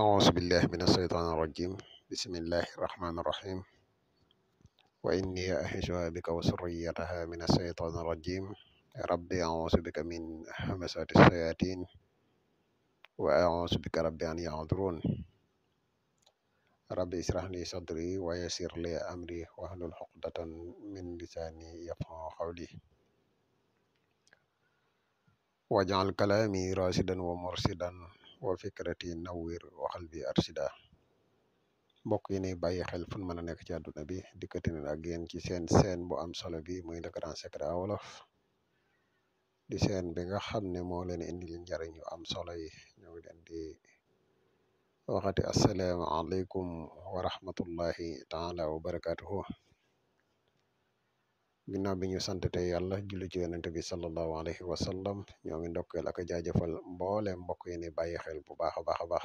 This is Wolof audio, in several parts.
أعوذ بالله من الشيطان الرجيم بسم الله الرحمن الرحيم وإني أعيذها بك وسريتها من الشيطان الرجيم ربي أعوذ بك من همسات الشياطين وأعوذ بك ربي أن يعذرون ربي اشرح لي صدري ويسر لي أمري واحلل عقدة من لساني يفقهوا قولي واجعل كلامي راشدا ومرشدا wa fikrati nawwir waxal bi arsida mbokk yi ni bàyyi xel fun mën a nekk ci àdduna bi dikkati na ak yéen ci seen seen bu am solo bi muy le grand secret wolof di seen bi nga xam ne moo leen indil njariñ yu am solo yi ñoo ngi leen di waxati asalaamaaleykum wa rahmatullahi taala wa barakatuhu ginnaaw bi ñu sant tey yàlla jullu ci yonent bi sallallahu alayhi wa sallam ñoo ngi ndokkeel ak jaajëfal mboole mbokk yi bàyyi xel bu baaxa baaxa baax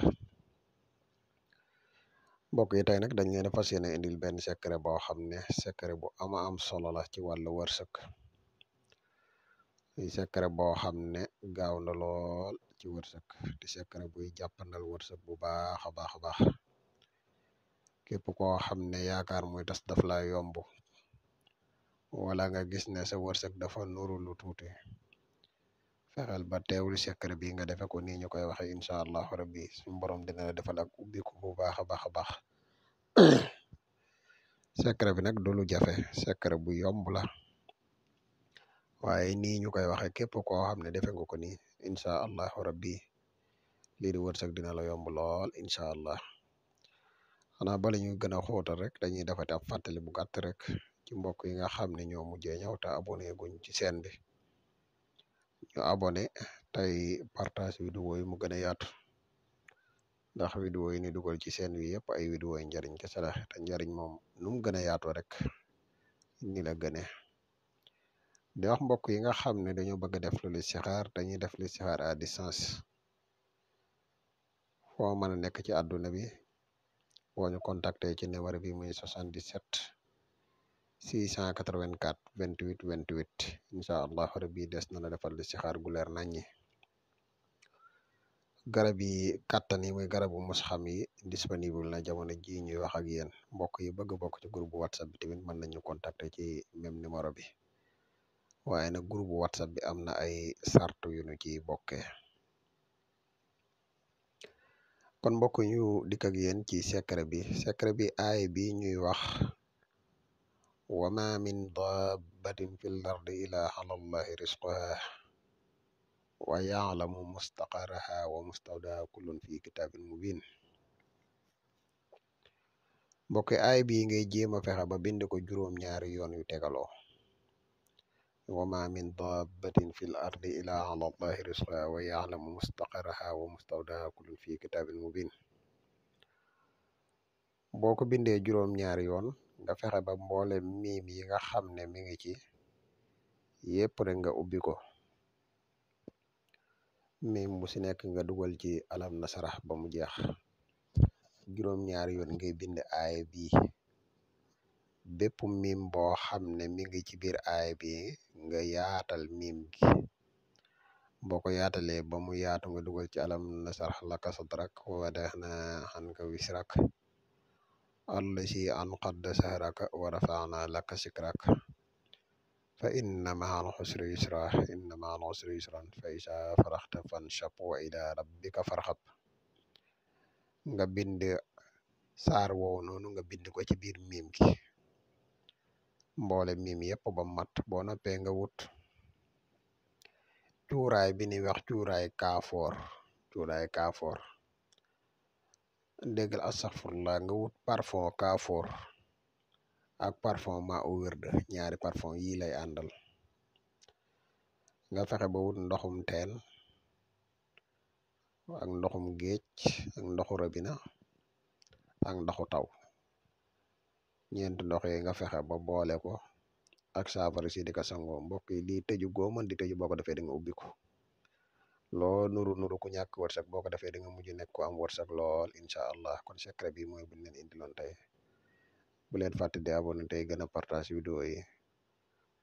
mbokk yi tey nag dañ leen fas yene indil benn secret boo xam secret bu ama am solo la ci wàllu wërsëg di secret boo xam ne gaaw na lool ci wërsëg di secret buy jàppandal bu baaxa baaxa baax baax képp koo xam ne yaakaar muy tas daf yomb wala nga gis ne sa wërsëg dafa nuru lu tuuti fexeel ba teewul sekkar bi nga defe ko nii ñu koy waxe insha allahu rabbi suñu borom dina la defal ak ubbiku bu baax a baax a baax bi nag du lu jafe secret bu yomb la waaye nii ñu koy waxe képp koo xam ne defe nga ko nii insha allahu rabbi lii di wërsëg dina la yomb lool insha allah xanaa bala ñu gën a xóotal rek dañuy defati ab fàttali bu gàtt rek ci mbokk yi nga xamne ñoo mujjee ñaw ta abonné guñ ci seen bi ñu abonné tey partage vidéo yi mu gëna yaatu ndax vidéo yi ni dugal ci seen wi yëpp ay vidéo yi njariñ kese la te njariñ moom nu mu gën a rek ni la gëne di wax mbokk yi nga xam ne dañoo bëgg def lu listixaar dañuy def lu listixaar à distance foo mëna a nekk ci àdduna bi boo ñu contacté ci numéro bi muy 77 684 28 28 incha allah rabbi des na la defal listixaar gu leer naññi garab yi kàttan yi muy garabu mos xam yi disponible na jamono ji ñuy wax ak yéen mbokk yi bëgg bokk ci groupe whatsapp bi tamit mën nañu contacter ci même numéro bi waaye nag groupe whatsapp bi am na ay sartu yu nu ci bokkee kon mbokk ñu dikk ak yéen ci secret bi secret bi aay bi ñuy wax wa ma min dabbatin fi l ardi ilaa ala allahi risquha wa yalamu mustaqaraha wa mustawdaa kullun fi kitaabin mubin mbokk aay bi ngay jéem a fexe ba bind ko juróom ñaari yoon yu tegaloo wa ma min dabbatin fi l ardi ilaa ala allahi risquha wa yalamu mustaqaraha wa mustawdaa kullun fi kitaabin mubin boo ko bindee juróom ñaari yoon nga fexe ba mboolem miim yi nga xam ne mi ngi ci yépp rek nga ubbi ko miim bu si nekk nga dugal ci alam nasarah ba mu jeex juróom-ñaari yoon ngay bind aaya bi bépp miim boo xam ne mi ngi ci biir aaya bi nga yaatal miim gi boo ko yaatalee ba mu yaatu nga dugal ci alam nasarah laka sadrak wa wada'na wisrak الذي أنقض سهرك ورفعنا لك ذكرك فإن مع العسر يسرا إن مع العسر يسرا فإذا فرحت فانشب وإلى ربك فارغب nga bind saar woow noonu nga bind ko ci biir miim gi mboole miim yépp ba mat boo noppee nga wut cuuraay bi ni wax cuuraay kaafoor cuuraay kaafoor déggal astaghfirullah nga wut parfum kaafoor ak parfum ma u wérd ñaari parfon yi lay àndal nga fexe ba wut ndoxum teen ak ndoxum géej ak ndoxu rabina ak ndoxu taw ñeenti ndox yi nga fexe ba boole ko ak saafara si di ko sangoo mbokk yi lii tëju goo mën di tëju boo ko defee di nga ubbi loo nuru nuru ku ñàkk wërsëg boo ko defee da nga mujj nekk ku am wërsëg lool incha allah kon secret bi mooy buñ leen indiloon tey bu leen fàtte di abonné tey gën a partage vidéo yi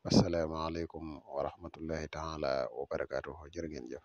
asalaamaaleykum wa rahmatullahi taala wa barakaatuhu jërë ngeen jëf